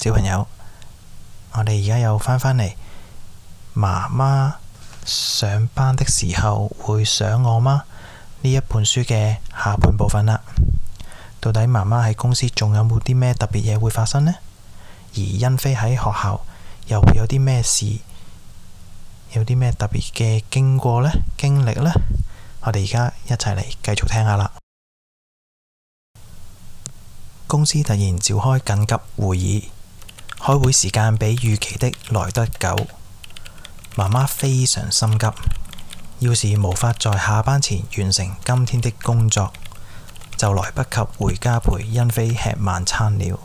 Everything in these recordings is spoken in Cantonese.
小朋友，我哋而家又翻返嚟。媽媽上班的時候會想我嗎？呢一本書嘅下半部分啦。到底媽媽喺公司仲有冇啲咩特別嘢會發生呢？而恩菲喺學校又會有啲咩事？有啲咩特別嘅經過呢？經歷呢？我哋而家一齊嚟繼續聽下啦。公司突然召開緊急會議。開會時間比預期的來得久，媽媽非常心急。要是無法在下班前完成今天的工作，就來不及回家陪恩菲吃晚餐了。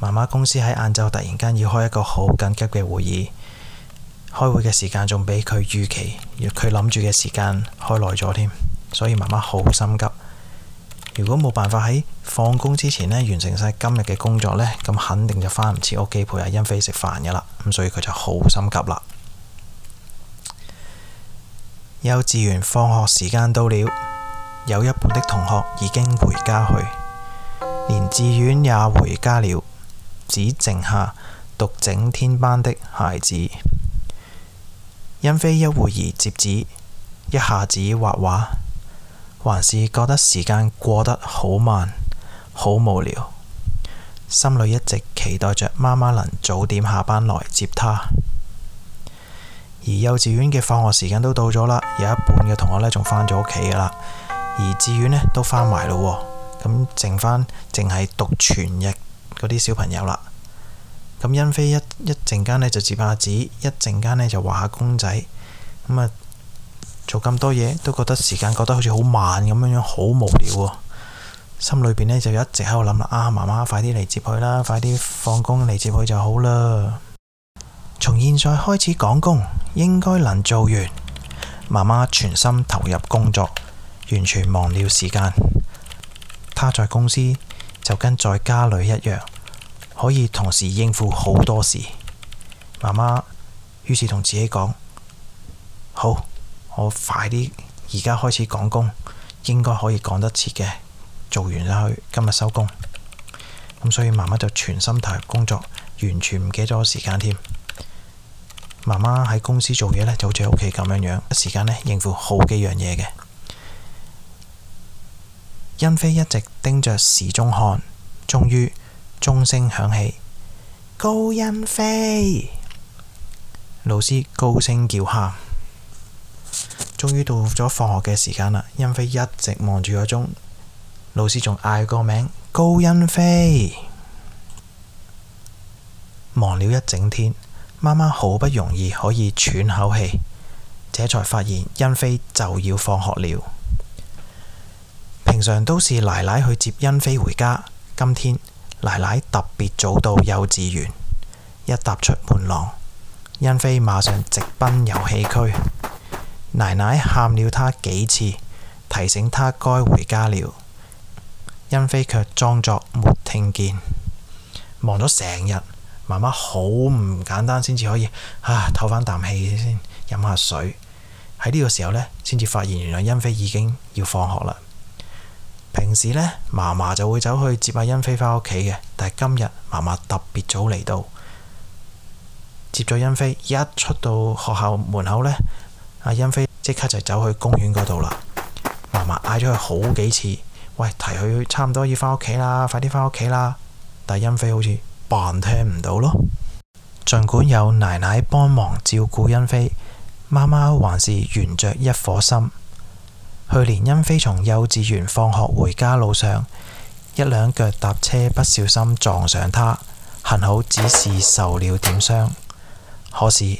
媽媽公司喺晏晝突然間要開一個好緊急嘅會議，開會嘅時間仲比佢預期，佢諗住嘅時間開耐咗添，所以媽媽好心急。如果冇辦法喺放工之前呢完成晒今日嘅工作呢，咁肯定就返唔切屋企陪阿恩菲食飯噶啦，咁所以佢就好心急啦。幼稚園放學時間到了，有一半的同學已經回家去，連志遠也回家了，只剩下讀整天班的孩子。恩菲一會兒折紙，一下子畫畫。還是覺得時間過得好慢，好無聊，心裏一直期待着媽媽能早點下班來接她。而幼稚園嘅放學時間都到咗啦，有一半嘅同學呢仲返咗屋企噶啦，而志願呢都返埋啦，咁剩翻淨係讀全日嗰啲小朋友啦。咁恩菲一一陣間咧就摺下紙，一陣間呢就畫下公仔，咁啊。做咁多嘢，都覺得時間覺得好似好慢咁樣樣，好無聊。心裏邊呢就一直喺度諗啦，啊，媽媽快啲嚟接佢啦，快啲放工嚟接佢就好啦。從現在開始趕工，應該能做完。媽媽全心投入工作，完全忘了時間。她在公司就跟在家裏一樣，可以同時應付好多事。媽媽於是同自己講：好。我快啲，而家開始趕工，應該可以趕得切嘅，做完就去，今日收工。咁所以媽媽就全心投入工作，完全唔記得咗時間添。媽媽喺公司做嘢呢，就好似喺屋企咁樣樣，一時間呢，應付好幾樣嘢嘅。恩菲一直盯着時鐘看，終於鐘聲響起。高恩菲，老師高聲叫喊。終於到咗放學嘅時間啦，恩菲一直望住個鐘，老師仲嗌個名，高恩菲，忙了一整天，媽媽好不容易可以喘口氣，這才發現恩菲就要放學了。平常都是奶奶去接恩菲回家，今天奶奶特別早到幼稚園，一踏出門廊，恩菲馬上直奔遊戲區。奶奶喊了她幾次，提醒她該回家了。恩菲卻裝作沒聽見，忙咗成日。媽媽好唔簡單先至可以啊，唞翻啖氣先，飲下水。喺呢個時候呢，先至發現原來恩菲已經要放學啦。平時呢，嫲嫲就會走去接阿恩菲翻屋企嘅，但係今日嫲嫲特別早嚟到，接咗恩菲一出到學校門口呢。阿恩菲即刻就走去公園嗰度啦，嫲嫲嗌咗佢好幾次，喂提佢差唔多要返屋企啦，快啲返屋企啦！但係恩菲好似扮聽唔到咯。儘管有奶奶幫忙照顧恩菲，媽媽還是懸着一顆心。去年恩菲從幼稚園放學回家路上，一輛腳踏車不小心撞上他，幸好只是受了點傷，可是。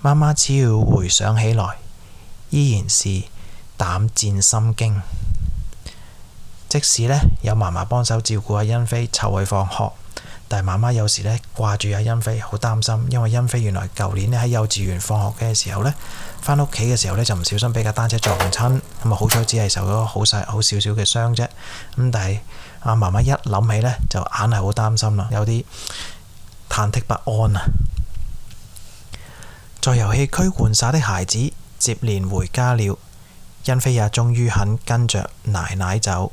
媽媽只要回想起來，依然是膽戰心驚。即使咧有媽媽幫手照顧阿恩菲、湊佢放學，但係媽媽有時咧掛住阿恩菲，好擔心，因為恩菲原來舊年咧喺幼稚園放學嘅時候咧，翻屋企嘅時候咧就唔小心俾架單車撞親，咁啊好彩只係受咗好細好少少嘅傷啫。咁但係阿媽媽一諗起咧，就硬係好擔心啦，有啲忐忑不安啊！在遊戲區玩耍的孩子接連回家了。恩菲也終於肯跟着奶奶走。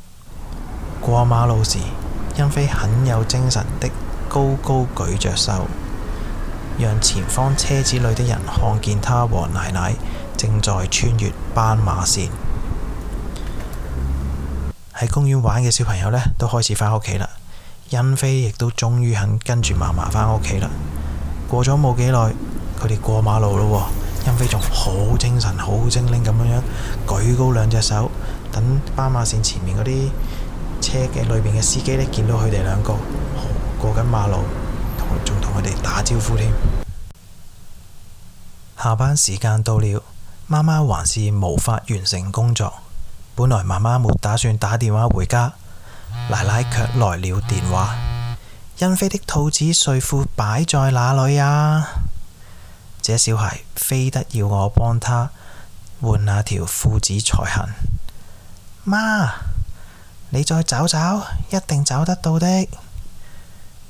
過馬路時，恩菲很有精神的高高舉着手，讓前方車子裏的人看見他和奶奶正在穿越斑馬線。喺公園玩嘅小朋友呢都開始翻屋企啦，恩菲亦都終於肯跟住媽媽翻屋企啦。過咗冇幾耐。佢哋過馬路咯，恩菲仲好精神、好精靈咁樣樣舉高兩隻手，等斑馬線前面嗰啲車嘅裏面嘅司機呢見到佢哋兩個過緊馬路，仲同佢哋打招呼添。下班時間到了，媽媽還是無法完成工作。本來媽媽沒打算打電話回家，奶奶卻來了電話。恩菲的兔子睡褲擺在哪裏啊？這小孩非得要我幫他換那條褲子才行。媽，你再找找，一定找得到的。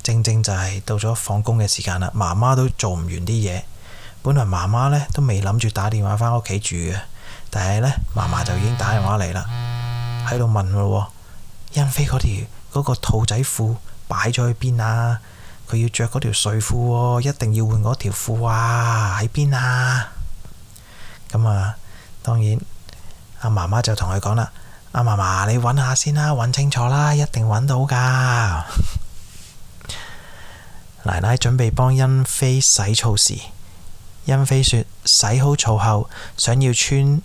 正正就係到咗放工嘅時間啦，媽媽都做唔完啲嘢。本來媽媽呢都未諗住打電話返屋企住嘅，但係呢，媽媽就已經打電話嚟啦，喺度問咯。恩菲嗰條嗰、嗰個兔仔褲擺咗去邊啊？佢要着嗰條睡褲喎，一定要換嗰條褲啊！喺邊啊？咁啊，當然阿媽媽就同佢講啦：阿媽媽你揾下先啦，揾清楚啦，一定揾到噶。 奶奶準備幫恩菲洗澡時，恩菲說：洗好澡後，想要穿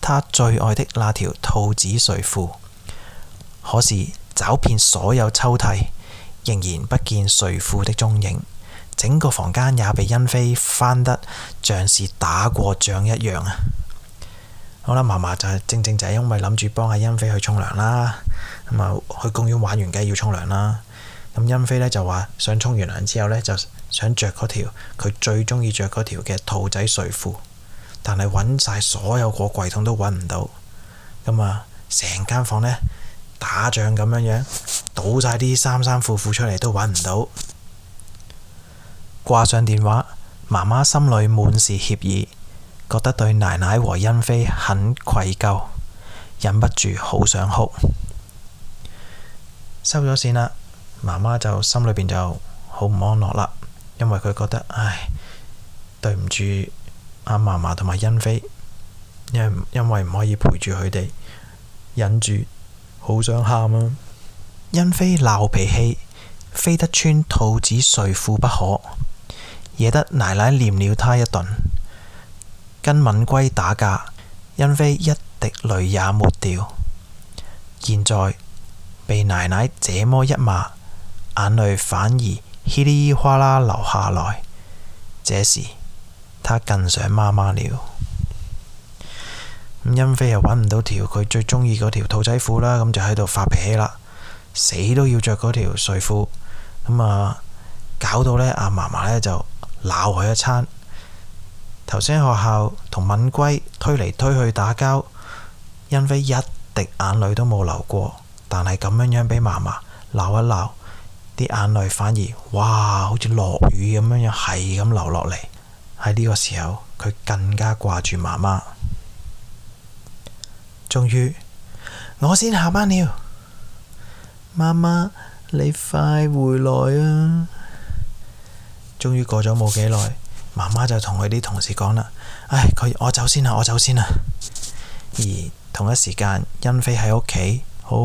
她最愛的那條兔子睡褲，可是找遍所有抽屜。仍然不見睡褲的蹤影，整個房間也被恩菲翻得像是打過仗，一樣啊！好啦，嫲嫲就係正正就係因為諗住幫阿恩菲去沖涼啦，咁啊，去公園玩完梗要沖涼啦，咁恩菲咧就話想沖完涼之後呢，就想着嗰條佢最中意着嗰條嘅兔仔睡褲，但係揾晒所有個櫃桶都揾唔到，咁啊成間房呢打仗咁樣樣。倒晒啲衫衫褲褲出嚟都揾唔到，掛上電話，媽媽心裏滿是歉意，覺得對奶奶和恩菲很愧疚，忍不住好想哭。收咗線啦，媽媽就心裏邊就好唔安樂啦，因為佢覺得唉，對唔住阿嫲嫲同埋恩菲，因為因為唔可以陪住佢哋，忍住好想喊啊！因飛鬧脾氣，非得穿兔子睡褲不可，惹得奶奶念了他一頓。跟敏龜打架，恩菲一滴淚也沒掉，現在被奶奶這麼一罵，眼淚反而稀里嘩啦流下來。這時他更想媽媽了。咁恩菲又揾唔到條佢最中意嗰條兔仔褲啦，咁就喺度發脾氣啦。死都要着嗰條睡褲，咁啊，搞到呢阿嫲嫲呢就鬧佢一餐。頭先喺學校同敏圭推嚟推去打交，恩菲一滴眼淚都冇流過，但係咁樣樣俾嫲嫲鬧一鬧，啲眼淚反而哇好似落雨咁樣樣係咁流落嚟。喺呢個時候，佢更加掛住媽媽。終於，我先下班了。媽媽，你快回來啊！終於過咗冇幾耐，媽媽就同佢啲同事講啦，唉，我走先啦，我走先啦。而同一時間，恩菲喺屋企，好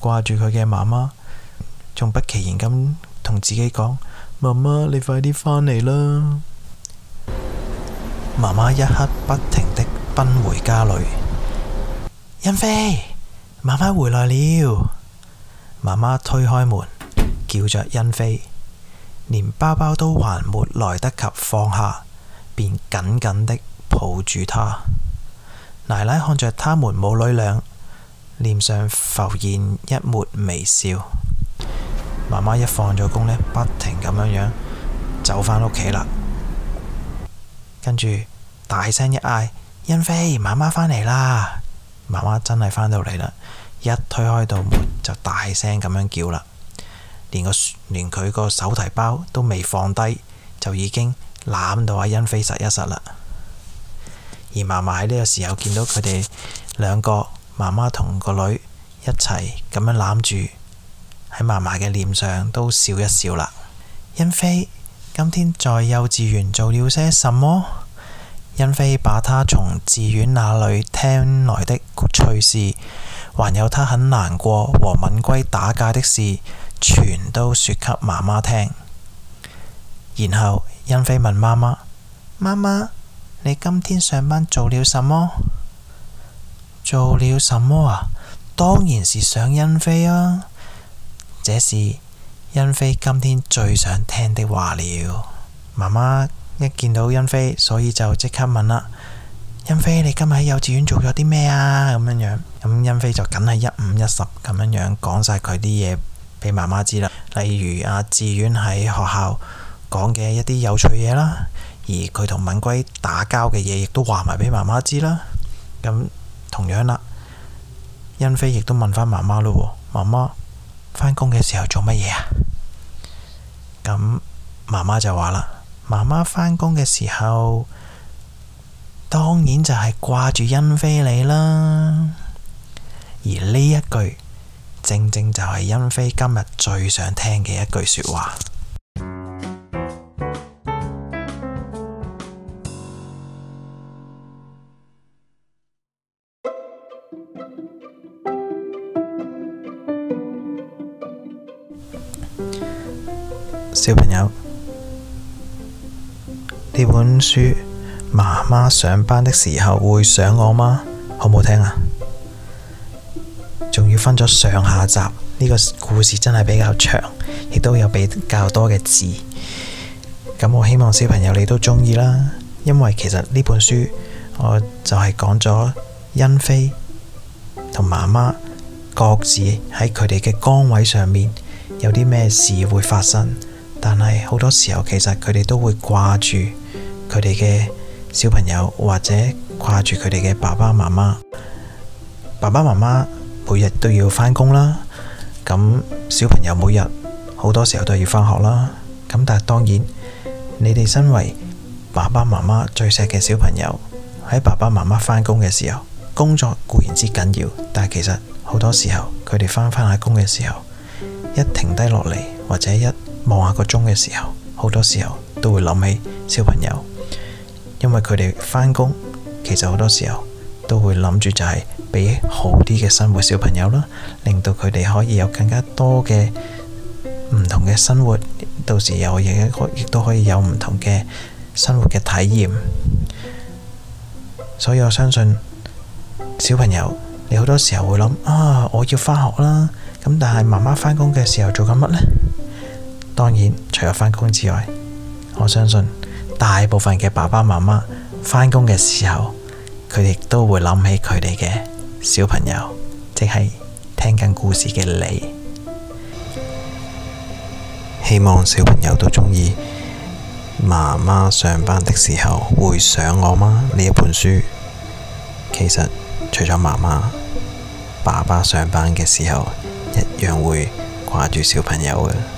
掛住佢嘅媽媽，仲不其然咁同自己講，媽媽，你快啲返嚟啦！媽媽一刻不停的奔回家裏，恩菲，媽媽回來了。媽媽推開門，叫着恩菲，連包包都還沒來得及放下，便緊緊地抱住她。奶奶看着他們母女倆，臉上浮現一抹微笑。媽媽一放咗工呢，不停咁樣樣，走返屋企啦。跟住大聲一嗌：恩菲，媽媽返嚟啦！媽媽真係返到嚟啦！一推開道門就大聲咁樣叫啦，連個連佢個手提包都未放低，就已經攬到阿恩菲實一實啦。而嫲嫲喺呢個時候見到佢哋兩個，媽媽同個女一齊咁樣攬住，喺嫲嫲嘅臉上都笑一笑啦。恩菲，今天在幼稚園做了些什麼？恩菲把她從志遠那裡聽來的趣事，還有他很難過和敏圭打架的事，全都說給媽媽聽。然後恩菲問媽媽：媽媽，你今天上班做了什麼？做了什麼啊？當然是想恩菲啊！這是恩菲今天最想聽的話了。媽媽一見到恩菲，所以就即刻問啦。恩菲，你今日喺幼稚園做咗啲咩啊？咁樣樣咁，恩菲就梗係一五一十咁樣樣講晒佢啲嘢俾媽媽知啦。例如啊，志遠喺學校講嘅一啲有趣嘢啦，而佢同敏龜打交嘅嘢，亦都話埋俾媽媽知啦。咁同樣啦，恩菲亦都問翻媽媽咯。媽媽返工嘅時候做乜嘢啊？咁媽媽就話啦：媽媽返工嘅時候。當然就係掛住恩菲你啦，而呢一句正正就係恩菲今日最想聽嘅一句說話。小朋友，呢本書。媽媽上班的時候會想我嗎？好唔好聽啊？仲要分咗上下集，呢個故事真係比較長，亦都有比較多嘅字。咁我希望小朋友你都中意啦，因為其實呢本書我就係講咗恩菲同媽媽各自喺佢哋嘅崗位上面有啲咩事會發生，但係好多時候其實佢哋都會掛住佢哋嘅。小朋友或者掛住佢哋嘅爸爸媽媽，爸爸媽媽每日都要返工啦。咁小朋友每日好多時候都要返學啦。咁但係當然，你哋身為爸爸媽媽最錫嘅小朋友，喺爸爸媽媽返工嘅時候，工作固然之緊要，但係其實好多時候佢哋返返下工嘅時候，一停低落嚟，或者一望下個鐘嘅時候，好多時候都會諗起小朋友。因為佢哋返工，其實好多時候都會諗住就係俾好啲嘅生活小朋友啦，令到佢哋可以有更加多嘅唔同嘅生活，到時又亦都可以有唔同嘅生活嘅體驗。所以我相信小朋友，你好多時候會諗啊，我要返學啦，咁但係媽媽返工嘅時候做緊乜呢？當然，除咗返工之外，我相信。大部分嘅爸爸媽媽返工嘅時候，佢哋都會諗起佢哋嘅小朋友，即係聽緊故事嘅你。希望小朋友都鍾意媽媽上班的時候會想我嗎？呢一本書，其實除咗媽媽，爸爸上班嘅時候一樣會掛住小朋友嘅。